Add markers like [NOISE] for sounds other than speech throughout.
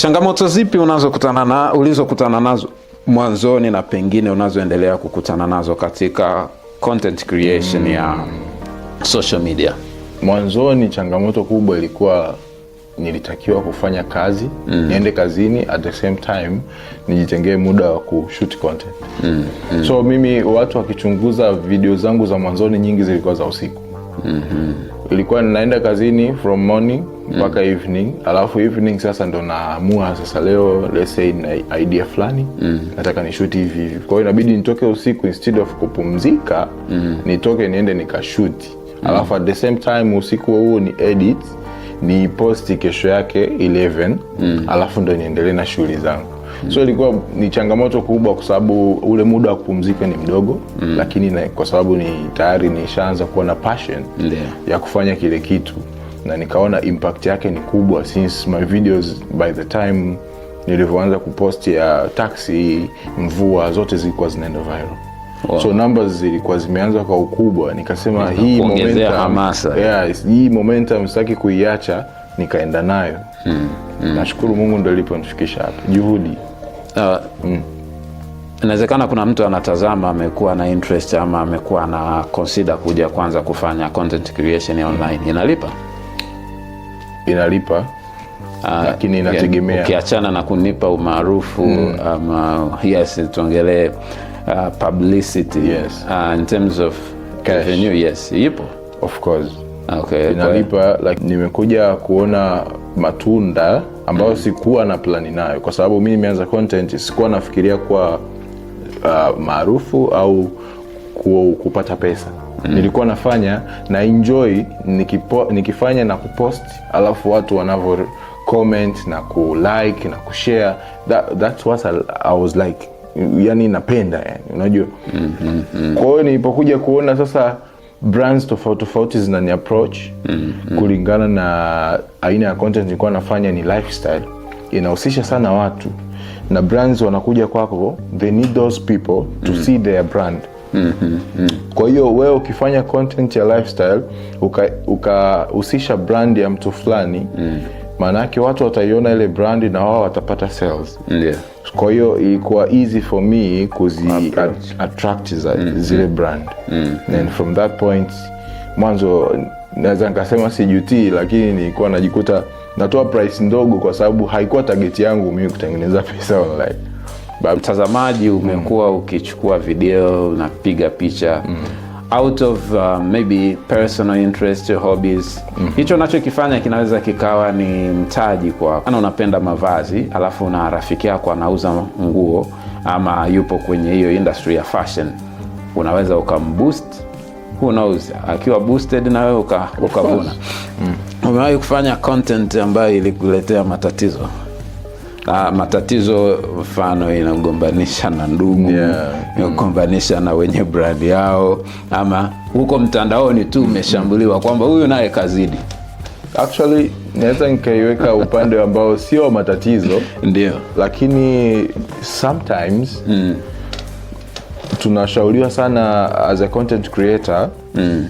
Changamoto zipi unazokutana na ulizokutana nazo mwanzoni na pengine unazoendelea kukutana nazo katika content creation mm. ya social media? Mwanzoni changamoto kubwa ilikuwa nilitakiwa kufanya kazi mm. niende kazini, at the same time nijitengee muda wa kushoot content mm. Mm. So mimi watu wakichunguza video zangu za mwanzoni, nyingi zilikuwa za usiku mm -hmm. ilikuwa ninaenda kazini from morning mpaka mm. evening, alafu evening sasa ndo naamua sasa, leo let's say na idea fulani mm. nataka nishuti hivi hivi, kwa hiyo inabidi nitoke usiku instead of kupumzika mm. nitoke niende nikashuti mm. alafu at the same time usiku huo ni edit ni posti kesho yake 11 mm. alafu ndo niendelee na shughuli zangu Mm. So ilikuwa ni changamoto kubwa kwa sababu ule muda wa kupumzika ni mdogo mm. lakini na, kwa sababu ni tayari nishaanza kuwa na passion yeah. ya kufanya kile kitu na nikaona impact yake ni kubwa since my videos by the time nilivyoanza kupost ya taxi, mvua zote zilikuwa zinaenda viral. Wow. So numbers zilikuwa zimeanza kwa ukubwa, nikasema hii momentum, yeah, hii momentum sitaki kuiacha, nikaenda nayo hmm. hmm. Nashukuru Mungu ndo iliponifikisha hapa, juhudi uh, hmm. Inawezekana kuna mtu anatazama amekuwa na interest ama amekuwa na consider kuja kwanza kufanya content creation online, inalipa? inalipa ah, lakini inategemea, ukiachana na kunipa umaarufu mm. ama yes, tuongelee uh, publicity yes. uh, in terms of Cash. revenue yes, ipo of course okay, inalipa like, nimekuja kuona matunda ambayo mm. sikuwa na plani nayo, kwa sababu mi nimeanza content, sikuwa nafikiria kuwa uh, maarufu au kupata pesa mm. nilikuwa nafanya na enjoy nikipo, nikifanya na kupost alafu watu wanavyo comment na kulike na kushare that, that's what I, I was like yani napenda yani, unajua mm, mm, mm. Kwa hiyo nilipokuja kuona sasa brands tofauti tofauti zinani approach mm, mm. kulingana na aina ya content nilikuwa nafanya ni lifestyle inahusisha sana watu na brands wanakuja kwako they need those people to mm. see their brand kwa hiyo wewe ukifanya content ya lifestyle ukahusisha uka brand ya mtu fulani mm. watu wataiona ile brandi na wao watapata sales yeah. Kwa hiyo ilikuwa easy for me kuzi attract, za, mm -hmm. zile brand mm -hmm. And from that point mwanzo naweza nikasema sijutii, lakini nilikuwa najikuta natoa price ndogo kwa sababu haikuwa tageti yangu mimi kutengeneza pesa online mtazamaji umekuwa mm. ukichukua video unapiga picha mm. out of uh, maybe personal interest hobbies mm. hicho unachokifanya kinaweza kikawa ni mtaji kwa ana, unapenda mavazi alafu na rafiki yako anauza nguo ama yupo kwenye hiyo industry ya fashion, unaweza ukamboost who knows, akiwa boosted na wewe ukavuna mm. umewahi kufanya content ambayo ilikuletea matatizo? Uh, matatizo mfano inagombanisha na ndugu yeah. Inagombanisha na wenye brandi yao ama huko mtandaoni tu umeshambuliwa kwamba huyu naye kazidi. Actually naweza nikaiweka upande ambao sio matatizo ndio, lakini sometimes mm. tunashauriwa sana as a content creator mm.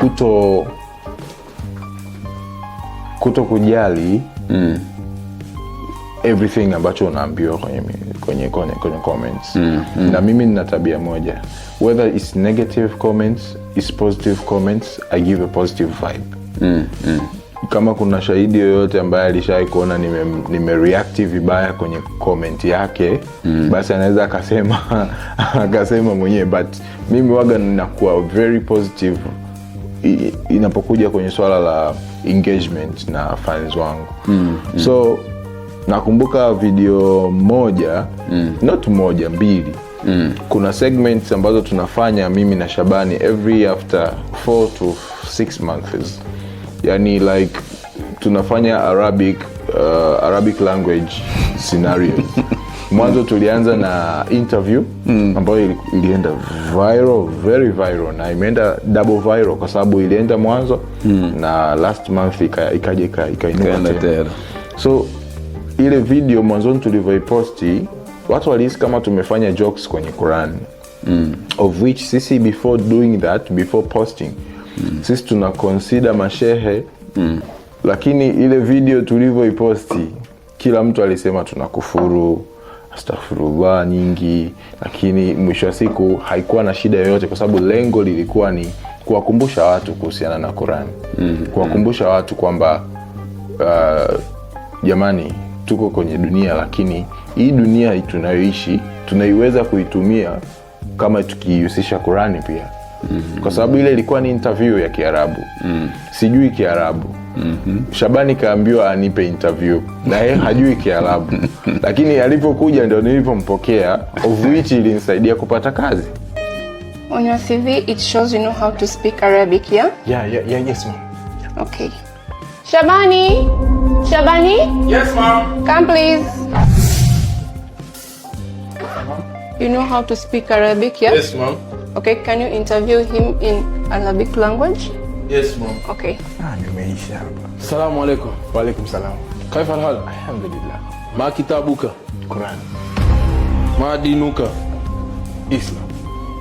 kuto kuto kujali mm everything ambacho unaambiwa kwenye, kwenye, kwenye, kwenye comments mm, mm. Na mimi nina tabia moja, whether it's negative comments it's positive comments, I give a positive vibe mm, mm. Kama kuna shahidi yoyote ambaye alishawai kuona nime, vibaya kwenye comment yake mm. Basi anaweza akasema [LAUGHS] akasema mwenyewe, but mimi waga ninakuwa very positive inapokuja kwenye swala la engagement na fans wangu mm, mm. so nakumbuka video moja mm. not moja mbili mm. kuna segment ambazo tunafanya mimi na Shabani every after f to s months yani like tunafanya Arabic uh, Arabic language scenarios [LAUGHS] mwanzo tulianza na interview mm. ambayo ilienda viral very viral na imeenda double viral kwa sababu ilienda mwanzo mm. na last month ikaja ika, ika, ika ikainuka so ile video mwanzoni tulivyoiposti watu walihisi kama tumefanya jokes kwenye Quran mm. of which sisi before doing that before posting mm. sisi tuna consider mashehe mm. lakini ile video tulivyoiposti kila mtu alisema tunakufuru astaghfirullah nyingi, lakini mwisho wa siku haikuwa na shida yoyote, kwa sababu lengo lilikuwa ni kuwakumbusha watu kuhusiana na quran mm kuwakumbusha watu kwamba uh, jamani tuko kwenye dunia, lakini hii dunia tunayoishi tunaiweza kuitumia kama tukihusisha kurani pia mm -hmm. Kwa sababu ile ilikuwa ni interview ya Kiarabu mm. Sijui Kiarabu mm -hmm. Shabani kaambiwa anipe interview na yeye hajui Kiarabu [LAUGHS] lakini alivyokuja ndo nilivyompokea, of which ilinisaidia kupata kazi. Shabani Shabani? Yes, ma'am. Come, please. You know how to speak Arabic, yeah? Yes, ma'am. Okay, can you interview him in Arabic language? Yes, ma'am. Okay. Assalamu ah, alaykum. Wa alaykum salam. Kaifa al-hal? Alhamdulillah. Ma kitabuka? Quran. Ma dinuka? Islam.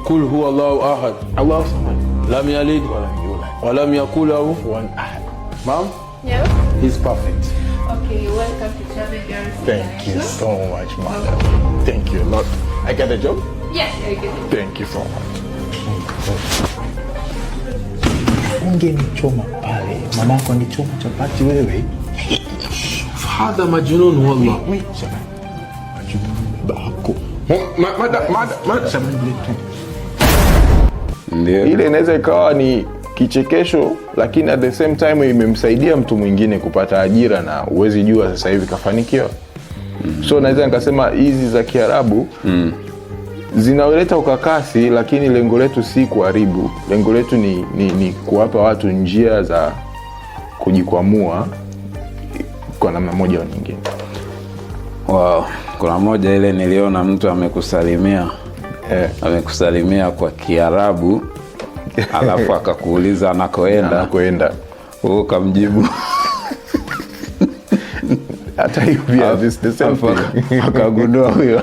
Kul huwa Allahu ahad. Allahu samad. Lam yalid wa lam yulad wa lam yakul lahu kufuwan ahad. Ma'am? Yes. He's perfect. Okay, welcome to Travel Thank you so much, madam. Thank you a lot. I get a job? Yes, I get it. Thank you so much. Ungenichoma pale, mamako angichoma chapati wewe. Fadha majunun wallah. Wewe majunun bako. Mada mada mada. Ile inaweza ikawa ni kichekesho, lakini at the same time imemsaidia mtu mwingine kupata ajira, na huwezi jua sasa hivi kafanikiwa. mm -hmm. So naweza nikasema hizi za Kiarabu mm -hmm. zinaleta ukakasi, lakini lengo letu si kuharibu, lengo letu ni, ni, ni kuwapa watu njia za kujikwamua kwa namna moja au nyingine. Wow, kuna moja ile niliona mtu amekusalimia, yeah. amekusalimia kwa Kiarabu [LAUGHS] alafu akakuuliza anakoenda anakoenda, ukamjibu hata hivi akagundua huyo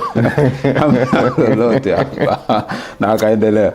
[LAUGHS] [LAUGHS] lolote hapa na akaendelea.